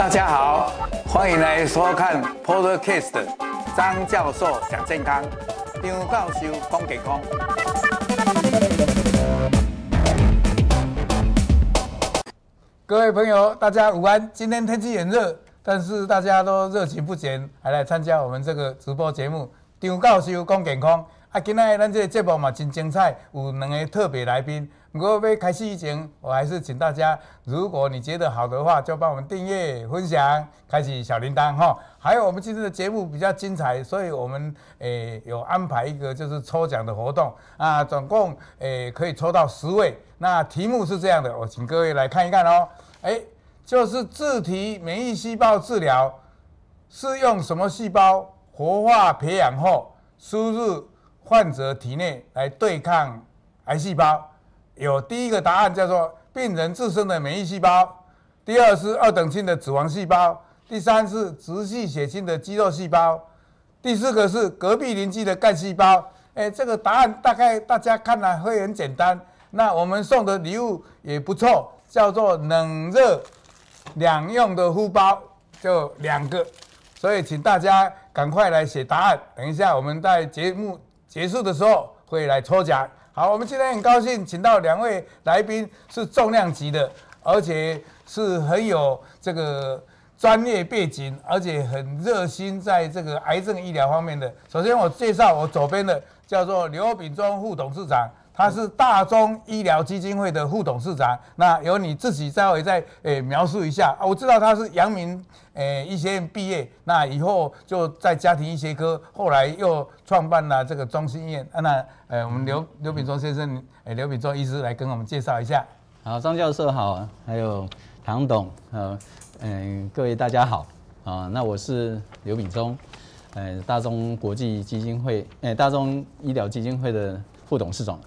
大家好，歡迎來收看 Podcast 張教授，教授講健康，張教授講健康。各位朋友，大家午安！今天天氣很熱，但是大家都熱情不減，還來參加我們這個直播節目。張教授講健康，啊，今天咱這個節目嘛真精彩，有兩個特別來賓。各位開始以前，我還是請大家，如果你覺得好的話，就幫我們訂閱、分享、開啟小鈴鐺哈。還有我們今天的節目比較精彩，所以我們誒、欸、有安排一個就是抽獎的活動啊，總共誒、欸、可以抽到十位。那題目是這樣的，我、喔、請各位來看一看哦、喔。誒、欸，就是自體免疫細胞治療是用什麼細胞活化培養後輸入患者體內來對抗癌細胞？有第一個答案叫做病人自身的免疫細胞，第二是二等親的脂肪細胞，第三是直系血親的肌肉細胞，第四個是隔壁鄰居的幹細胞。誒，這個答案大概大家看來會很簡單。那我們送的禮物也不錯，叫做冷熱兩用的敷包，就兩個。所以請大家趕快來寫答案，等一下我們在節目結束的時候會來抽獎。好，我們今天很高興請到兩位來賓，是重量級的，而且是很有這個專業背景，而且很熱心在這個癌症醫療方面的。首先，我介紹我左邊的叫做劉炳中副董事長。他是大中醫療基金會的副董事長。那由你自己稍微再誒、欸、描述一下、啊。我知道他是陽明誒醫學院畢業，那以後就在家庭醫學科，後來又創辦了這個中心醫院。那誒、欸，我們劉劉炳中先生誒，劉炳中醫師來跟我們介紹一下。好，張教授好，還有唐董，呃，嗯、呃，各位大家好，啊，那我是劉炳中，大中國際基金會，誒、呃，大中醫療基金會的副董事長。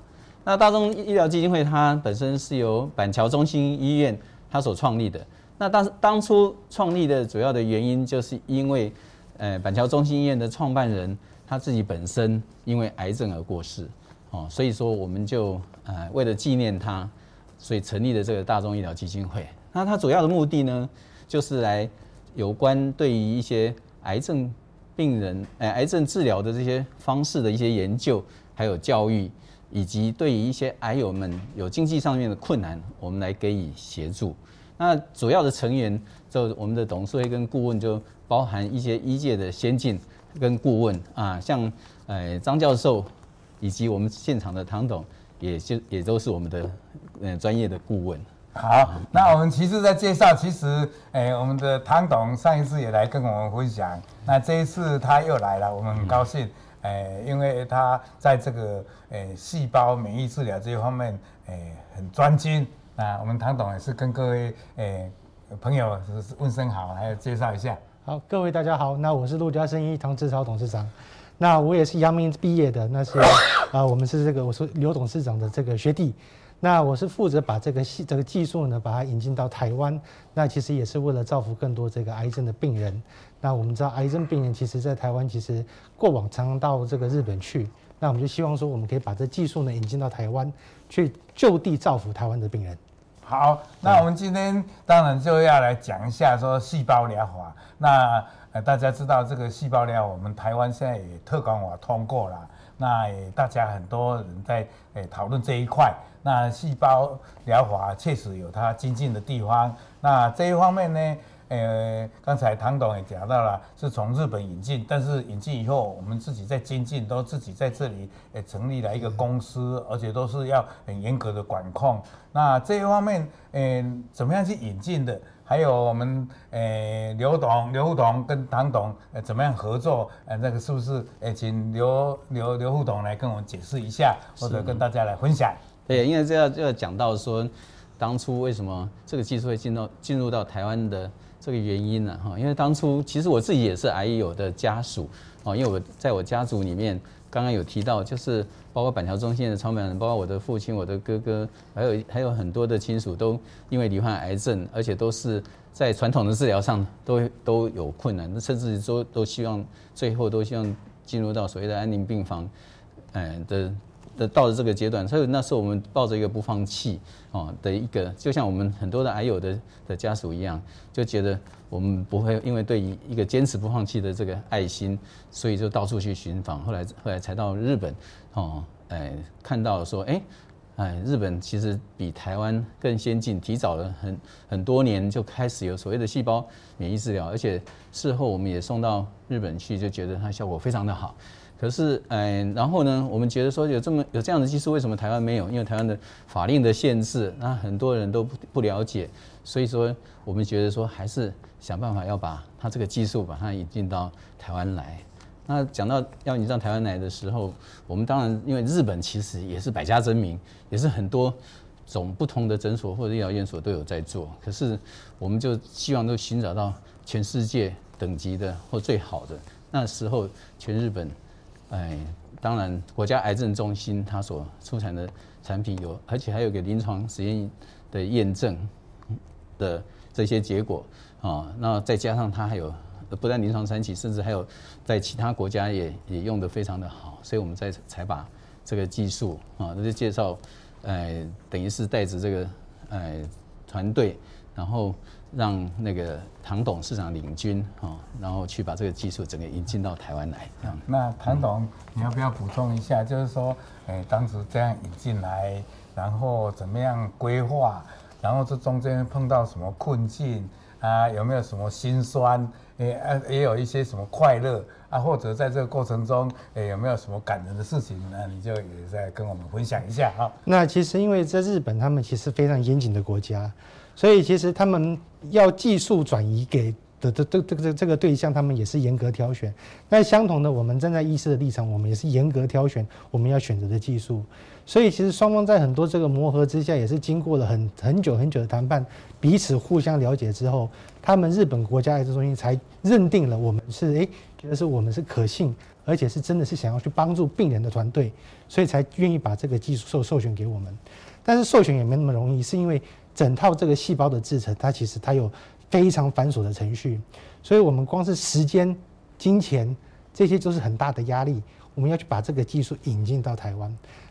那大中醫療基金會它本身是由板橋中心醫院它所創立的。那當當初創立的主要的原因，就是因為，呃，板橋中心醫院的創辦人他自己本身因為癌症而過世，哦，所以說我們就呃為了紀念他，所以成立了這個大中醫療基金會。那它主要的目的呢，就是來有關對於一些癌症病人，呃，癌症治療的這些方式的一些研究，還有教育。以及對於一些癌友們有經濟上面的困難，我們來給予協助。那主要的成員就我們的董事會跟顧問，就包含一些醫界的先進跟顧問啊，像呃張教授以及我們現場的唐董也就也都是我們的呃專業的顧問。好，那我們其實，在介紹，其實、呃、我們的唐董上一次也來跟我們分享，那這一次他又來了，我們很高興。嗯誒、欸，因為他在這個誒、欸、細胞免疫治療這一方面誒、欸、很專精。那我們唐董也是跟各位誒、欸、朋友問聲好，還要介紹一下。好，各位大家好，那我是路迦生醫唐稚超董事長，那我也是陽明畢業的那些，那是 啊，我們是這個我是劉董事長的這個學弟。那我是負責把這個技這個技術呢，把它引進到台灣。那其實也是為了造福更多這個癌症的病人。那我們知道，癌症病人其實，在台灣其實過往常常到這個日本去。那我們就希望說，我們可以把這個技術呢引進到台灣，去就地造福台灣的病人。好，那我們今天當然就要來講一下說細胞療法。那呃，大家知道，這個細胞療，我們台灣現在也特管法通過了。那也大家很多人在誒討論這一塊。那細胞療法確實有它精進的地方。那這一方面呢，呃，剛才唐董也講到了，是從日本引進，但是引進以後，我們自己在精進，都自己在這裡誒成立了一個公司，而且都是要很嚴格的管控。那這一方面，嗯、呃、怎麼樣去引進的？還有我們誒，劉、呃、董、劉副董跟唐董、呃、怎麼樣合作？呃，那個是不是誒、呃，請劉劉劉副董來跟我們解釋一下，的或者跟大家來分享。對，因為這要要講到說，當初為什麼這個技術會進入到進入到台灣的這個原因呢？哈，因為當初其實我自己也是癌友的家屬，哦，因為我在我家族裡面剛剛有提到，就是包括板橋中心的創辦人，包括我的父親、我的哥哥，還有還有很多的親屬都因為罹患癌症，而且都是在傳統的治療上都都有困難，甚至說都，都希望最後都希望進入到所謂的安寧病房，嗯，的。的到了這個階段，所以那時候我們抱着一個不放棄哦的一個，就像我們很多的癌友的的家屬一樣，就覺得我們不會因為對一個堅持不放棄的這個愛心，所以就到處去尋訪，後來後來才到日本哦，哎，看到了說哎哎，日本其實比台灣更先進，提早了很很多年就開始有所謂的細胞免疫治療，而且事後我們也送到日本去，就覺得它效果非常的好。可是，嗯，然後呢，我們覺得說有這麼有這樣的技術，為什麼台灣沒有？因為台灣的法令的限制，那很多人都不不了解，所以說，我們覺得說還是想辦法要把它這個技術把它引進到台灣來。那講到要引進到台灣來的時候，我們當然因為日本其實也是百家爭鳴，也是很多種不同的診所或者醫療院所都有在做。可是我們就希望都尋找到全世界等級的或最好的。那時候全日本。哎，當然，國家癌症中心它，所出產的產品有，而且還有個臨床實驗的驗證的這些結果啊。那再加上它還有，不但臨床三期，甚至還有在其他國家也也用得非常的好，所以我們在才把這個技術啊，那就介紹，哎，等於是帶着這個哎團隊，然後。讓那個唐董事長領軍、喔、然後去把這個技術整個引進到台灣來。那唐董，嗯、你要不要補充一下？就是說，欸、當時這樣引進來，然後怎麼樣規劃？然後這中間碰到什麼困境啊？有沒有什麼心酸？欸啊、也有一些什麼快樂啊？或者在這個過程中，欸、有沒有什麼感人的事情呢、啊？你就也再跟我們分享一下，好，那其實因為在日本，他們其實非常嚴謹的國家。所以，其實他們要技術轉移給的這這個這個這個對象，他們也是嚴格挑選。那相同的，我們站在醫師的立場，我們也是嚴格挑選我們要選擇的技術。所以，其實雙方在很多這個磨合之下，也是經過了很很久很久的談判，彼此互相了解之後，他們日本國家癌症中心才認定了我們是誒，覺得是我們是可信，而且是真的是想要去幫助病人的團隊，所以才願意把這個技術授授權給我們。但是授權也沒那麼容易，是因為。整套這個細胞的製程，它其實它有非常繁瑣的程序，所以我們光是時間、金錢，這些都是很大的壓力。我們要去把這個技術引進到台灣，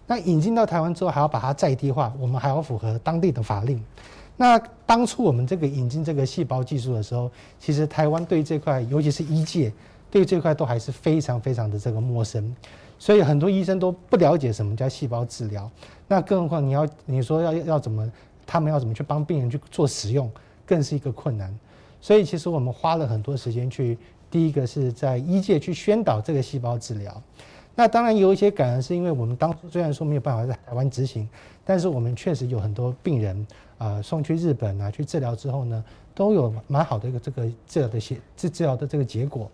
那引進到台灣之後，還要把它在地化，我們還要符合當地的法令。那當初我們這個引進這個細胞技術的時候，其實台灣對這塊，尤其是醫界，對這塊都還是非常非常的這個陌生，所以很多醫生都不了解什麼叫細胞治療。那更何況你要你說要要怎麼？他們要怎麼去幫病人去做使用，更是一個困難。所以其實我們花了很多時間去，第一個是在醫界去宣導這個細胞治療。那當然有一些感恩，是因為我們當初雖然說沒有辦法在台灣執行，但是我們確實有很多病人啊、呃、送去日本啊去治療之後呢，都有蠻好的一個這個治療的些治治療的這個結果。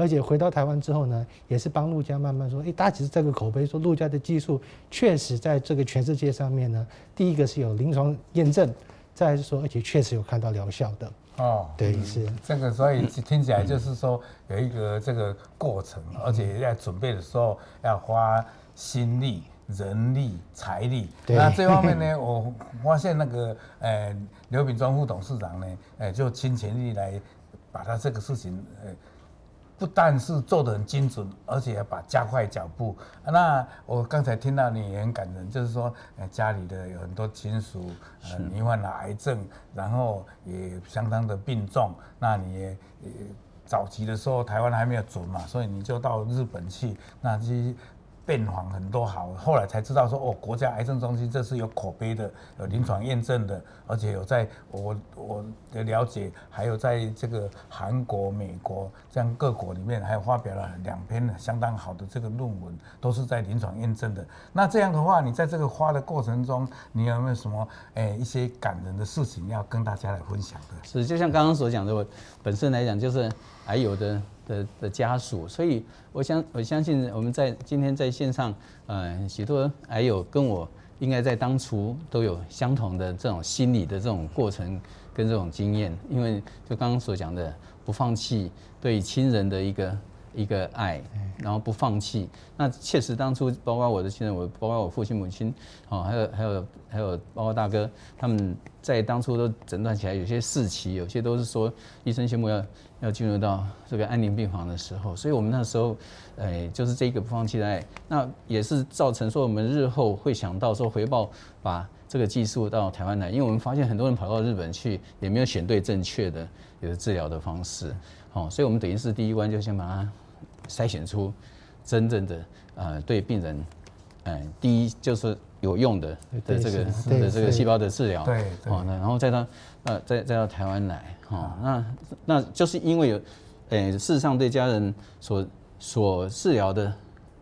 而且回到台灣之後呢，也是幫路迦慢慢說，哎、欸，打起這個口碑，說路迦的技術確實在這個全世界上面呢，第一個是有臨床驗證，再是說而且確實有看到療效的哦。對，是、嗯、這個，所以聽起來就是說有一個這個過程，嗯、而且在準備的時候要花心力、人力、財力。對那這方面呢， 我發現那個呃劉炳中副董事長呢，哎、呃，就傾全力來把他這個事情呃。不但是做得很精準，而且要把加快腳步。那我剛才聽到你也很感人，就是說，家裡的有很多親屬罹患了癌症，然後也相當的病重。那你也早期的時候，台灣還沒有准嘛，所以你就到日本去。那這些。變黃很多好。後來才知道說哦，國家癌症中心這是有口碑的，有臨床驗證的，而且有在我我的了解，還有在這個韓國、美國這樣各國裡面，還有發表了兩篇相當好的這個論文，都是在臨床驗證的。那這樣的話，你在這個花的過程中，你有沒有什麼誒、欸、一些感人的事情要跟大家來分享的？是，就像剛剛所講的，我本身來講就是癌有的。的的家屬，所以我相我相信我們在今天在線上，呃，許多還有跟我應該在當初都有相同的這種心理的這種過程跟這種經驗，因為就剛剛所講的不放棄對親人的一個。一個愛，然後不放棄。那確實當初包括我的親人，我包括我父親母親，哦，還有還有還有，包括大哥，他們在當初都診斷起來，有些四期，有些都是說醫生宣布要要進入到這個安寧病房的時候。所以我們那時候，哎，就是這個不放棄的愛，那也是造成說我們日後會想到說回報，把這個技術到台灣來，因為我們發現很多人跑到日本去，也沒有選對正確的有的治療的方式，哦，所以我們等於是第一關就先把它。篩選出真正的呃對病人，呃，第一就是有用的對對的這個對的這個細胞的治療，對，好，哦，然後再到呃再再到台灣來，哦，那那就是因為有，呃，事實上對家人所所治療的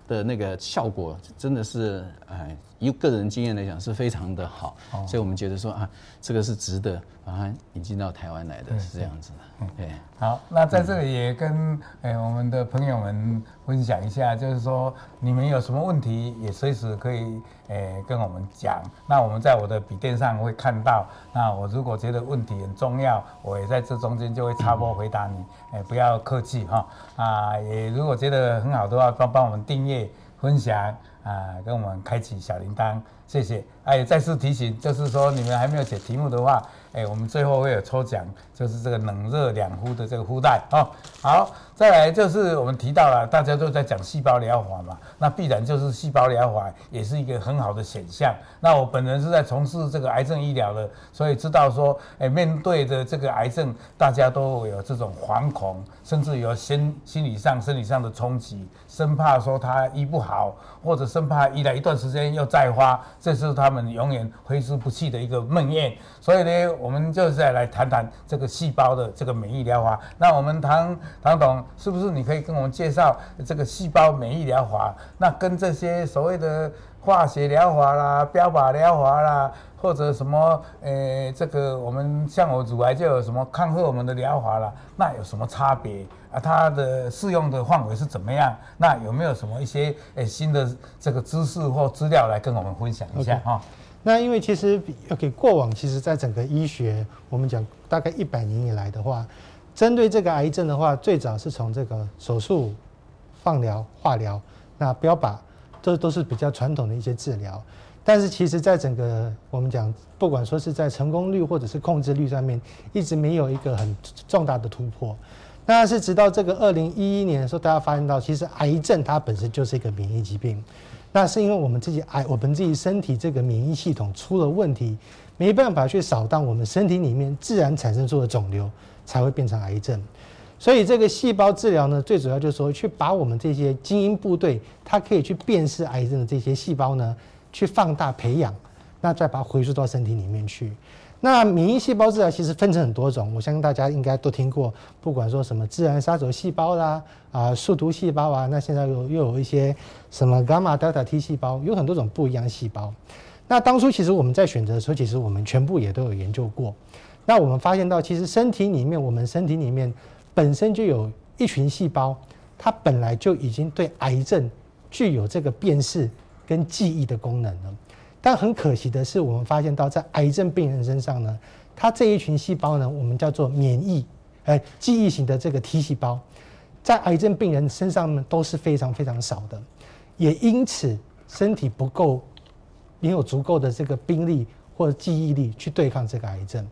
的那個效果真的是，呃由個人經驗來講是非常的好，所以我們覺得說啊，這個是值得把它引進到台灣來的，是這樣子對對。對，好，那在這裡也跟誒、欸、我們的朋友們分享一下，就是說你們有什麼問題也隨時可以誒、欸、跟我們講。那我們在我的筆電上會看到，那我如果覺得問題很重要，我也在這中間就會插播回答你。誒、欸，不要客氣哈，啊，也如果覺得很好的話，幫幫我們訂閱分享。啊，跟我們開啟小鈴鐺，謝謝。哎、啊，再次提醒，就是說你們還沒有寫題目的話，哎、欸，我們最後會有抽獎，就是這個冷熱兩敷的這個敷袋哦。好。再來就是我們提到了，大家都在講細胞療法嘛，那必然就是細胞療法也是一個很好的選項。那我本人是在從事這個癌症醫療的，所以知道說，哎、欸，面對著這個癌症，大家都會有這種惶恐，甚至有心心理上、生理上的衝擊，生怕說他醫不好，或者生怕醫了一段時間又再發，這是他們永遠揮之不去的一個夢魘。所以呢，我們就再來談談這個細胞的這個免疫療法。那我們唐唐董，是不是你可以跟我們介紹這個細胞免疫療法？那跟這些所謂的化學療法啦、標靶療法啦，或者什麼誒、欸，這個我們像我乳癌就有什麼抗荷我們的療法啦，那有什麼差別啊？它的適用的範圍是怎麼樣？那有沒有什麼一些誒、欸、新的這個知識或資料來跟我們分享一下哈，okay. 那因為其實要給、okay, 過往其實在整個醫學，我們講大概一百年以來的話。針對這個癌症的話，最早是從這個手術、放療、化療，那標靶，這都，都是比較傳統的一些治療。但是，其實，在整個我們講，不管說是在成功率或者是控制率上面，一直沒有一個很重大的突破。那是直到這個二零一一年的時候，大家發現到，其實癌症它本身就是一個免疫疾病。那是因為我們自己癌，我們自己身體這個免疫系統出了問題，沒辦法去掃蕩我們身體裡面自然產生出的腫瘤。才會變成癌症，所以這個細胞治療呢，最主要就是說，去把我們這些精英部隊，它可以去辨識癌症的這些細胞呢，去放大培養，那再把它回輸到身體裡面去。那免疫細胞治療其實分成很多種，我相信大家應該都聽過，不管說什麼自然殺手細胞啦，啊，樹突細胞啊，那現在又又有一些什麼伽馬、德塔 T 細胞，有很多種不一樣的細胞。那當初其實我們在選擇的時候，其實我們全部也都有研究過。那我們發現到，其實身體裡面，我們身體裡面本身就有一群細胞，它本來就已經對癌症具有這個辨識跟記憶的功能了。但很可惜的是，我們發現到在癌症病人身上呢，它這一群細胞呢，我們叫做免疫呃記憶型的這個 T 細胞，在癌症病人身上呢都是非常非常少的，也因此身體不夠沒有足夠的這個兵力或者記憶力去對抗這個癌症。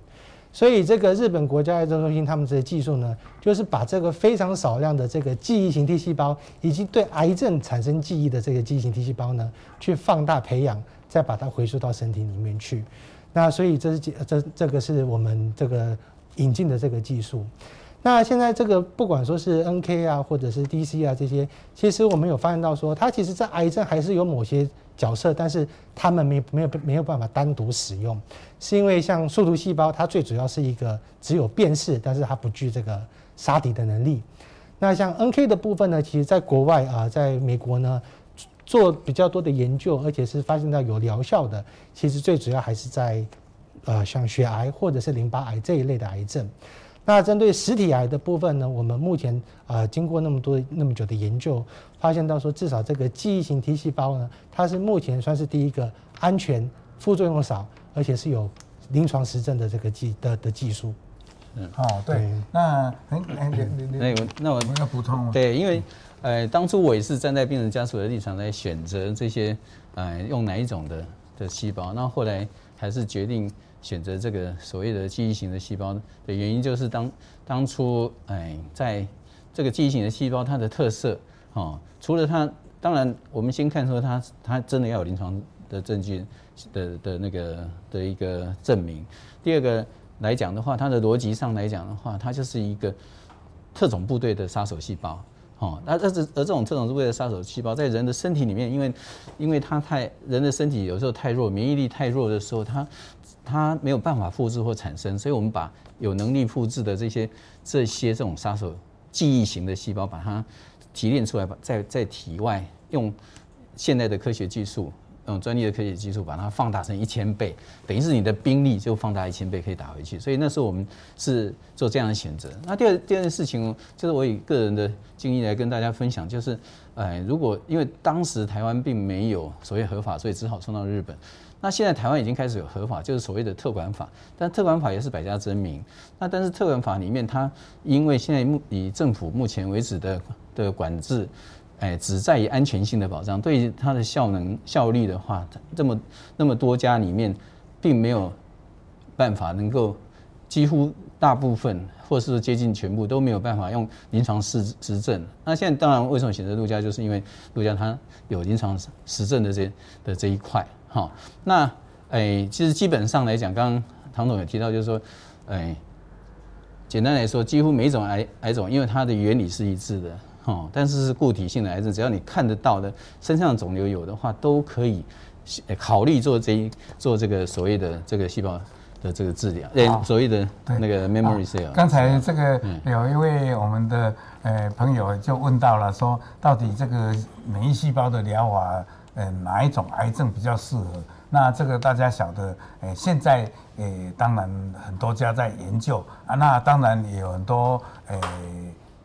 所以這個日本國家癌症中心他們這些技術呢，就是把這個非常少量的這個記憶型 T 細胞，以及對癌症產生記憶的這個記憶型 T 細胞呢，去放大培養，再把它回輸到身體裡面去。那所以這是這這個是我們這個引進的這個技術。那現在這個不管說是 NK 啊，或者是 DC 啊這些，其實我們有發現到說，它其實，在癌症還是有某些。角色，但是他們沒沒有沒有辦法單獨使用，是因為像樹突細胞，它，最主要是一個只有辨識，但是它不具這個殺敵的能力。那像 NK 的部分呢，其實在國外啊，在美國呢，做比較多的研究，而且是發現到有療效的。其實最主要還是在呃、像血癌或者是淋巴癌這一類的癌症。那針對實體癌的部分呢？我們目前啊、呃、經過那麼多那麼久的研究，發現到說至少這個記憶型 T 細胞呢，它是目前算是第一個安全、副作用少，而且是有臨床實證的這個技的的技術。嗯、哦，好對。對那很安全，那我那我應該補充嗎？對，因為呃、哎、當初我也是站在病人家屬的立場來選擇這些呃、哎、用哪一種的的細胞，那後,後來還是決定。選擇這個所謂的記憶型的細胞的原因，就是當當初哎，在這個記憶型的細胞，它的特色哦，除了它，當然我們先看說它，它真的要有臨床的證據的的那個的一個證明。第二個來講的話，它的邏輯上來講的話，它就是一個特種部隊的殺手細胞哦。那這而這種特種部隊的殺手細胞，在人的身體裡面，因為因為它太人的身體有時候太弱，免疫力太弱的時候，它。它沒有辦法複製或產生，所以我們把有能力複製的這些這些這種殺手記憶型的細胞，把它提煉出來，把在在體外用現代的科學技術，用專利的科學技術把它放大成一千倍，等於是你的兵力就放大一千倍，可以打回去。所以那時候我們是做這樣的選擇。那第二第二件事情，就是我以個人的經歷來跟大家分享，就是呃，如果因為當時台灣並沒有所謂合法，所以只好送到日本。那現在台灣已經開始有合法，就是所謂的特管法，但特管法也是百家爭鳴。那但是特管法裡面，它因為現在目以政府目前為止的的管制，哎，只在於安全性的保障。對於它的效能、效率的話，這麼那麼多家裡面，並沒有辦法能夠幾乎大部分，或是說接近全部都沒有辦法用臨床實實證。那現在當然為什麼選擇路迦，就是因為路迦它有臨床實證的這的這一塊。好，那哎，其實基本上來講，剛剛唐總也提到，就是說，哎，簡單來說，幾乎每一種癌癌種，因為它的原理是一致的，哦，但是是固體性的癌症，只要你看得到的身上腫瘤有的話，都可以考慮做這一做這個所謂的這個細胞的這個治療，哦，對，所謂的那個 memory cell。剛才這個有一位我們的呃朋友就問到了，說到底這個免疫細胞的療法。嗯，哪一種癌症比較適合？那這個大家曉得，誒，現在誒，當然很多家在研究啊，那當然也有很多誒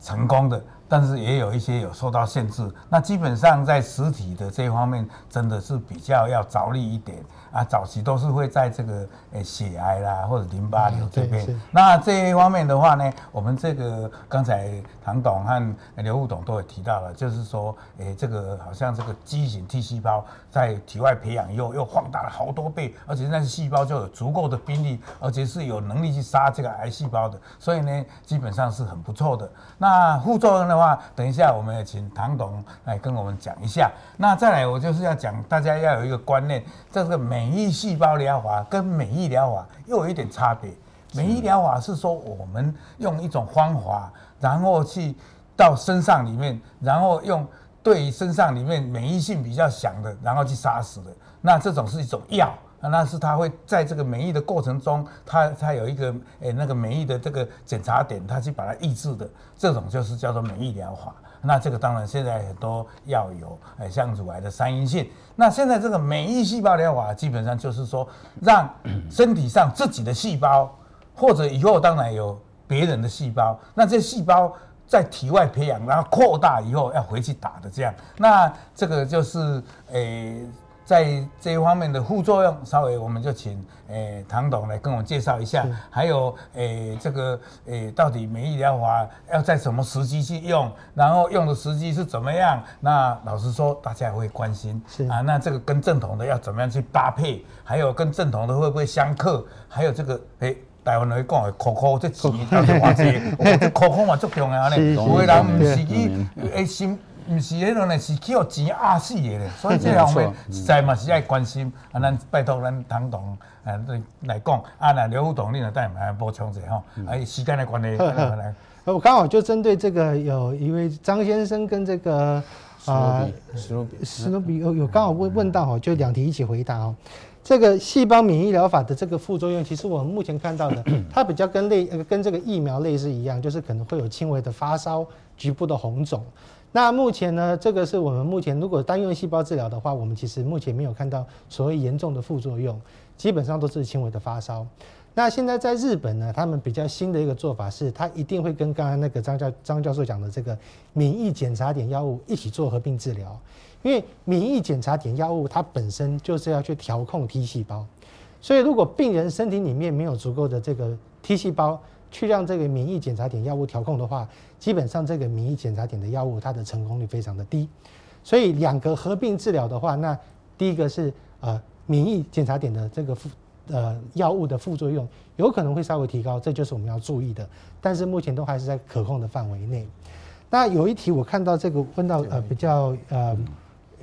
成功的。但是也有一些有受到限制，那基本上在實體的這方面真的是比較要着力一點啊。早期都是會在這個誒，血癌啦或者淋巴瘤這邊。那這一方面的話呢，我們這個剛才唐董和劉副董都有提到了，就是說誒，這個好像這個畸形 T 細胞在體外培養又又放大了好多倍，而且那些細胞就有足夠的兵力，而且是有能力去殺這個癌細胞的，所以呢，基本上是很不錯的。那副作用呢？等一下，我們也請唐董來跟我們講一下。那再來，我就是要講大家要有一個觀念，這個免疫細胞療法跟免疫療法又有一點差別。免疫療法是說我們用一種方法，然後去到身上裡面，然後用對於身上裡面免疫性比較強的，然後去殺死的。那這種是一種藥。那是它會在這個免疫的過程中，它它有一個誒、欸、那個免疫的這個檢查點，它去把它抑制的，這種就是叫做免疫療法。那這個當然現在都要有，欸、像乳癌的三陰性。那現在這個免疫細胞療法基本上就是說，讓身體上自己的細胞，或者以後當然有別人的細胞，那這細胞在體外培養，然後擴大以後要回去打的這樣。那這個就是誒。欸在這一方面的副作用，稍微我們就請誒、欸、唐董來跟我介紹一下。是還有誒、欸、這個誒、欸，到底免疫療法要在什麼時機去用，然後用的時機是怎麼樣？那老實說，大家會關心是啊。那這個跟正統的要怎麼樣去搭配？還有跟正統的會不會相克？還有這個誒、欸，台灣人會講的口空這幾年，台灣這邊，這口空嘛最重要啊！咧，有的人不是去誒心。唔是呢兩類，是起個致癌性嘢，所以這方面實在嘛，是要關心。嗯、啊，咱拜托咱唐董來嚟講啊，劉副董，你啊待會來補充一下哈，嗯、啊，時間嘅關係，我剛好就針對這個有一位張先生跟這個啊史努比史努、呃、比有有剛好問、嗯、問到哈，就兩題一起回答哦、喔。這個細胞免疫療法的這個副作用，其實我們目前看到的，它比較跟類、呃、跟這個疫苗類似一樣，就是可能會有輕微的發燒、局部的紅腫。那目前呢，這個是我們目前如果單用細胞治療的話，我們其實目前沒有看到所謂嚴重的副作用，基本上都是輕微的發燒。那現在在日本呢，他們比較新的一個做法是，他一定會跟剛剛那個張教張教授講的這個免疫檢查點藥物一起做合併治療，因為免疫檢查點藥物它本身就是要去調控 T 細胞，所以如果病人身體裡面沒有足夠的這個 T 細胞去讓這個免疫檢查點藥物調控的話，基本上，這個免疫檢查點的藥物，它的成功率非常的低，所以兩個合併治療的話，那第一個是呃免疫檢查點的這個副呃藥物的副作用有可能會稍微提高，這就是我們要注意的。但是目前都還是在可控的範圍內。那有一題我看到這個問到呃比較呃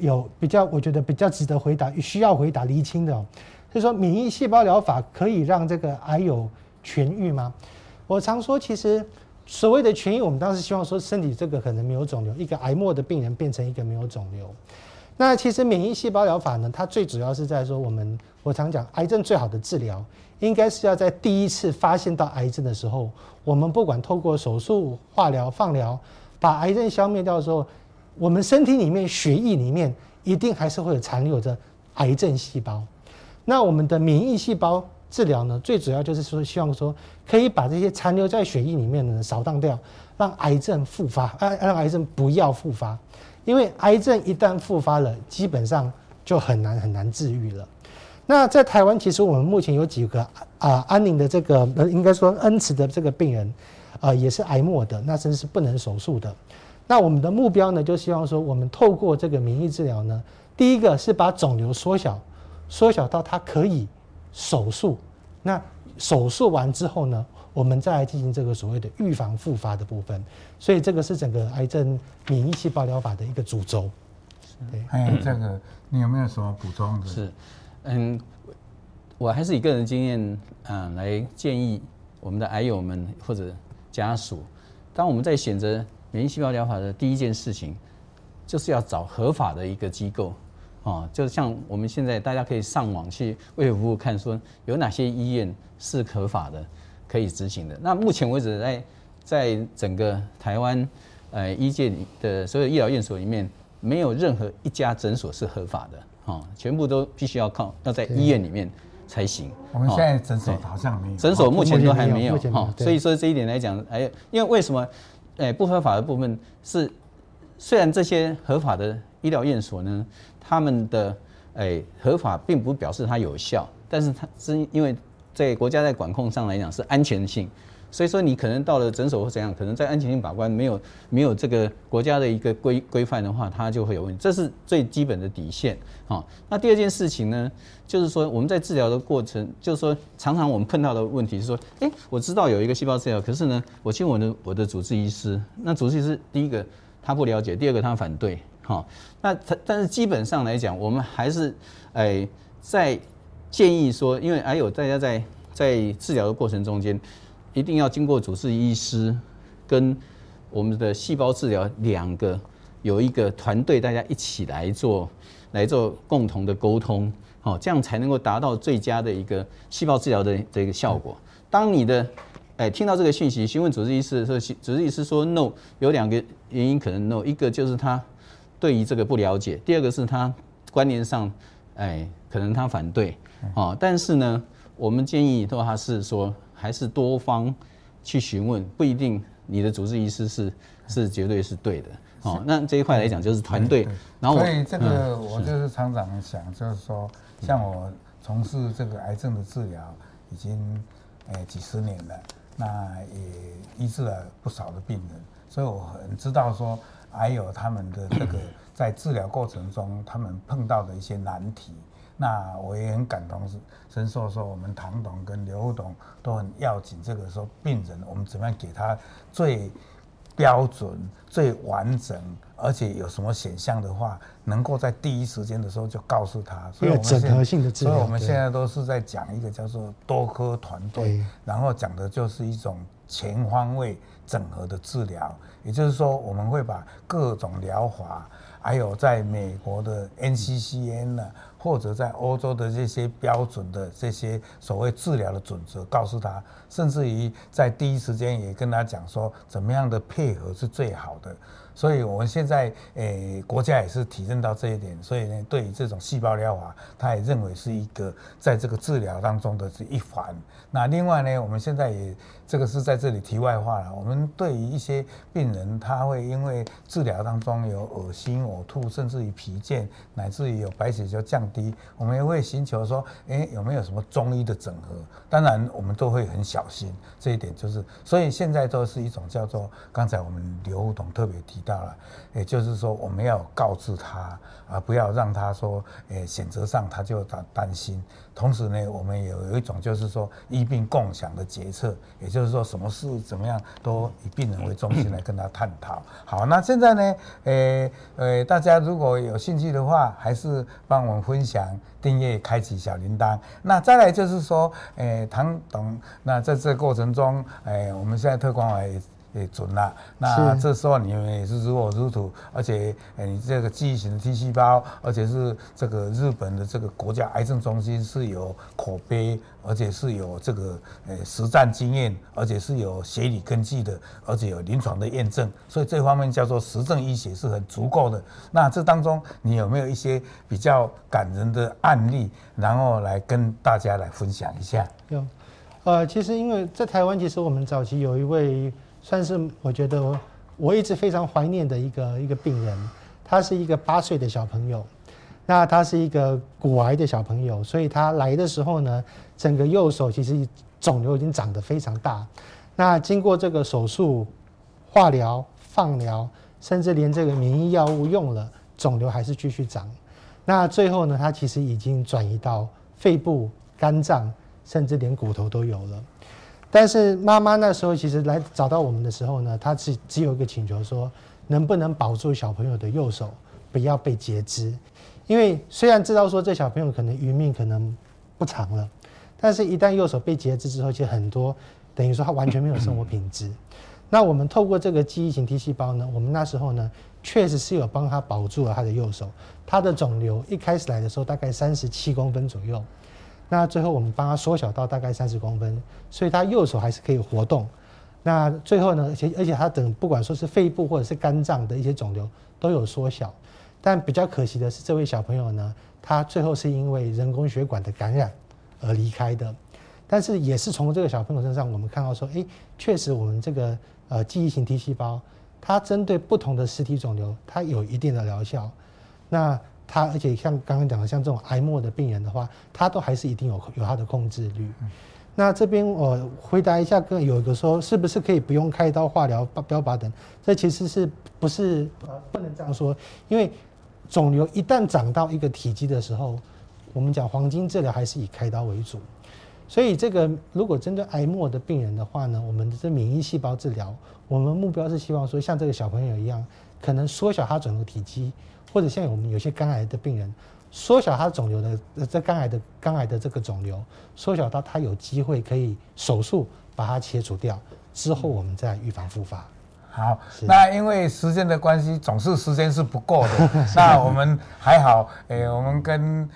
有比較，我覺得比較值得回答、需要回答釐清的喔，所、就是說免疫細胞療法可以讓這個癌有痊癒嗎？我常說其實。所謂的痊癒，我們當時希望說，身體這個可能沒有腫瘤，一個癌末的病人變成一個沒有腫瘤。那其實免疫細胞療法呢，它最主要是在說我，我們我常講，癌症最好的治療應該是要在第一次發現到癌症的時候，我們不管透過手術、化療、放療，把癌症消滅掉的時候，我們身體裡面血液裡面一定還是會有殘留着癌症細胞。那我們的免疫細胞。治療呢，最主要就是說，希望說可以把這些殘留在血液裡面的掃蕩掉，讓癌症復發、啊，讓癌症不要復發。因為癌症一旦復發了，基本上就很難很難治癒了。那在台灣，其實我們目前有幾個啊、呃、安寧的這個，呃，應該說恩慈的這個病人，啊、呃、也是癌末的，那甚至是不能手術的。那我們的目標呢，就是、希望說，我們透過這個免疫治療呢，第一個是把腫瘤縮小，縮小到它可以。手術，那手術完之後呢，我們再來進行這個所謂的預防復發的部分。所以這個是整個癌症免疫細胞療法的一個主軸。對，還有這個，你有沒有什麼補充的？是，嗯，我還是以個人經驗啊，嗯，來建議我們的癌友們或者家屬，當我們在選擇免疫細胞療法的第一件事情，就是要找合法的一個機構。哦，就是像我們現在大家可以上網去衛福部，看，說有哪些醫院是合法的，可以執行的。那目前為止在，在在整個台灣，呃，醫界裡的所有醫療院所裡面，沒有任何一家診所是合法的。哦，全部都必須要靠要在醫院裡面才行。對我們現在診所好像沒有。診所目前都還沒有哈。有有，所以說這一點來講，有因為為什麼？哎、呃，不合法的部分是，雖然這些合法的醫療院所呢。他們的哎、欸、合法並不表示它有效，但是它是因為在國家在管控上來講是安全性，所以說你可能到了診所或怎樣，可能在安全性把關沒有沒有這個國家的一個規規範的話，它就會有問題，這是最基本的底線啊、哦。那第二件事情呢，就是說我們在治療的過程，就是說常常我們碰到的問題是說，哎、欸，我知道有一個細胞治療，可是呢，我去問我的我的主治醫師，那主治醫師第一個他不了解，第二個他反對。好，那但是基本上來講，我們還是，哎，在建議說，因為還有大家在在治療的過程中間，一定要經過主治醫師跟我們的細胞治療兩個有一個團隊，大家一起來做，來做共同的溝通，好，這樣才能夠達到最佳的一個細胞治療的這個效果。當你的哎聽到這個訊息，詢問主治醫師的時候，主治醫師說 no，有兩個原因可能 no，一個就是他。對於這個不了解，第二個是他觀念上，哎，可能他反對，哦，但是呢，我們建議的話是說還是多方去詢問，不一定你的主治醫師是是絕對是對的，哦，那這一塊來講就是團隊。然後，我以這個我就是廠長想就是說，嗯、是像我從事這個癌症的治療已經哎幾十年了，那也醫治了不少的病人，所以我很知道說。還有他們的這個在治療過程中，他們碰到的一些難題，那我也很感同身受。說我們唐董跟劉董都很要緊。這個時候，病人我們怎麼樣給他最標準、最完整，而且有什麼險象的話，能夠在第一時間的時候就告訴他。一個整合性的治療。所以我們現在都是在講一個叫做多科團隊，對然後講的就是一種。全方位整合的治療，也就是說，我們會把各種療法，還有在美國的 NCCN 啊，或者在歐洲的這些標準的這些所謂治療的準則告訴他，甚至於在第一時間也跟他講說，怎麼樣的配合是最好的。所以我們現在誒、欸，國家也是體認到這一點，所以呢，對於這種細胞療法，他也認為是一個在這個治療當中的這一環。那另外呢，我們現在也這個是在這裡題外話了。我們對於一些病人，他會因為治療當中有噁心、嘔吐，甚至於疲倦，乃至於有白血球降低，我們也會尋求說，誒、欸，有沒有什麼中醫的整合？當然，我們都會很小心這一點，就是所以現在都是一種叫做剛才我們劉副董特別提。到了，也就是說我們要告知他啊，不要讓他說，誒，選擇上他就擔擔心。同時呢，我們也有一種就是說醫病共享的決策，也就是說什麼事怎麼樣都以病人為中心來跟他探討。好，那現在呢，誒，呃，大家如果有興趣的話，還是幫我們分享、訂閱、開啟小鈴鐺。那再來就是說，誒，唐董，那在這個過程中，誒，我們現在特光來。準了，那這時候你們也是如火如荼，是而且哎，你這個記憶型的 T 細胞，而且是這個日本的這個國家癌症中心是有口碑，而且是有這個呃實戰經驗，而且是有學理根據的，而且有臨床的驗證，所以這方面叫做實證醫學是很足夠的。那這當中你有沒有一些比較感人的案例，然後來跟大家來分享一下？有，呃，其實因為在台灣，其實我們早期有一位。算是我覺得我一直非常懷念的一個一個病人，他是一個八歲的小朋友，那他是一個骨癌的小朋友，所以他來的時候呢，整個右手其實腫瘤已經長得非常大。那經過這個手術、化療、放療，甚至連這個免疫藥物用了，腫瘤還是繼續長。那最後呢，他其實已經轉移到肺部、肝臟，甚至連骨頭都有了。但是媽媽那時候其實來找到我們的時候呢，她是只有一個請求說，說能不能保住小朋友的右手，不要被截肢。因為雖然知道說這小朋友可能餘命可能不長了，但是一旦右手被截肢之後，其實很多等於說他完全沒有生活品質。 那我們透過這個記憶型 T 細胞呢，我們那時候呢確實是有幫他保住了他的右手。他的腫瘤一開始來的時候大概三十七公分左右。那最後我們幫他縮小到大概三十公分，所以他右手還是可以活動。那最後呢，而且而且他等不管說是肺部或者是肝臟的一些腫瘤都有縮小。但比較可惜的是，這位小朋友呢，他最後是因為人工血管的感染而離開的。但是也是從這個小朋友身上，我們看到說，誒，確實我們這個呃記憶型 T 細胞，它針對不同的實體腫瘤，它有一定的療效。那。他而且像剛剛講的，像這種癌末的病人的話，他都還是一定有有他的控制率。那這邊我回答一下，更有一個說是不是可以不用開刀化療標靶等？這其實是不是呃不能這樣說？因為腫瘤一旦長到一個體積的時候，我們講黃金治療還是以開刀為主。所以這個如果針對癌末的病人的話呢，我們的這免疫細胞治療，我們目標是希望說像這個小朋友一樣，可能縮小他腫瘤體積。或者像我們有些肝癌的病人，縮小他腫瘤的，這肝癌的肝癌的這個腫瘤縮小到他有機會可以手術把它切除掉之後，我們再預防復發。好，是那因為時間的關係，總是時間是不夠的。是那我們還好，欸、我們跟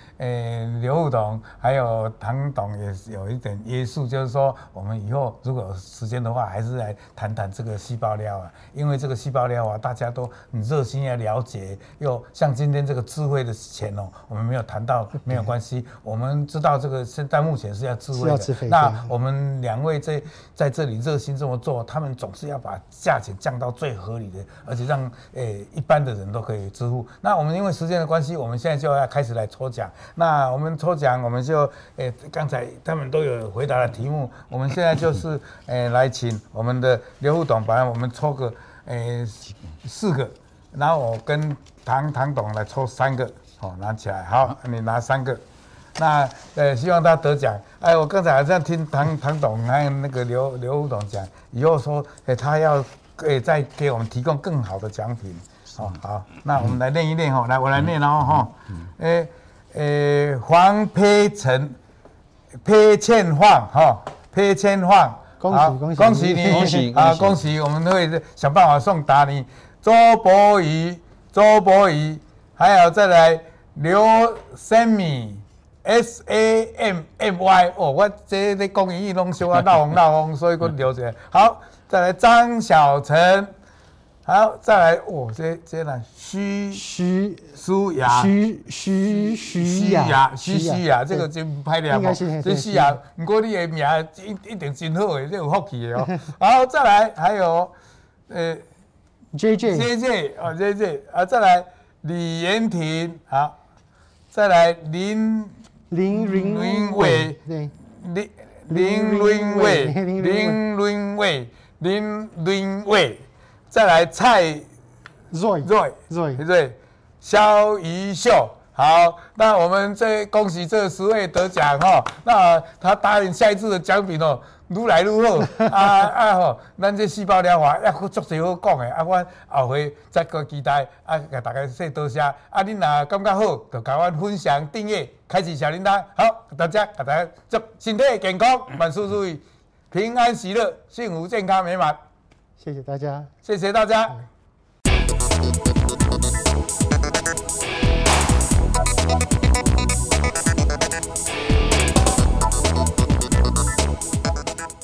劉副董還有唐董也是有一點約束，就是說我們以後如果有時間的話，還是來談談這個細胞料啊。因為這個細胞料啊，大家都很熱心要了解，又像今天這個智慧的錢哦、喔，我們沒有談到，沒有關係。對我們知道這個現在目前是要智慧的，的那我們兩位在在這裡熱心這麼做，他們總是要把價錢降。到最合理的，而且讓誒、欸、一般的人都可以支付。那我們因為時間的關係，我們現在就要開始來抽獎。那我們抽獎，我們就誒剛、欸、才他們都有回答的題目，我們現在就是誒、欸、來請我們的劉副董。反我們抽個誒、欸、四個，然後我跟唐唐董來抽三個，好、哦，拿起來，好，你拿三個，那誒、欸、希望他得獎。哎、欸，我剛才好像聽唐唐董還有那個劉劉副董講，以後說誒、欸、他要。再給我們提供更好的獎品。好的、哦、好，那我們來念一念，好，來，我來念、嗯、哦，哈、嗯欸欸，黃培成，培千哈，培千、哦、恭喜恭喜好恭喜你恭喜啊恭喜，啊、恭喜我們會想辦法送達你、嗯嗯。周博宇周博宇還有再來劉 s, emi, s a m y S A M M Y 哦，我這個在公益弄上鬧哄鬧哄，老王老王 所以我留起來好。再來張曉晨，好，再來哦，這這些哪？徐徐舒雅，徐徐徐舒雅，徐舒雅，這個真拍得好，真舒雅。不過你的名一一定真好，真有福氣的哦。好，再來還有呃，J J J J 啊 J J 啊，再來李延廷，好，再來林林林偉，對，林林林偉，林林偉。林林偉，再來蔡睿睿睿對不對？蕭怡肉秀，好，那我們這恭喜這十位得獎哈、哦。那、呃、他答應下一次的獎品哦，越來越好。 啊啊哈、哦。咱這細胞療法也夠足水好講的，啊，我後回再個期待啊，給大家說多謝。啊，啊你哪感覺好，就甲我分享訂閱，開始小鈴鐺。好，大家大家祝身體健康，萬事如意。嗯平安喜樂，幸福健康美滿，謝謝大家，謝謝大家。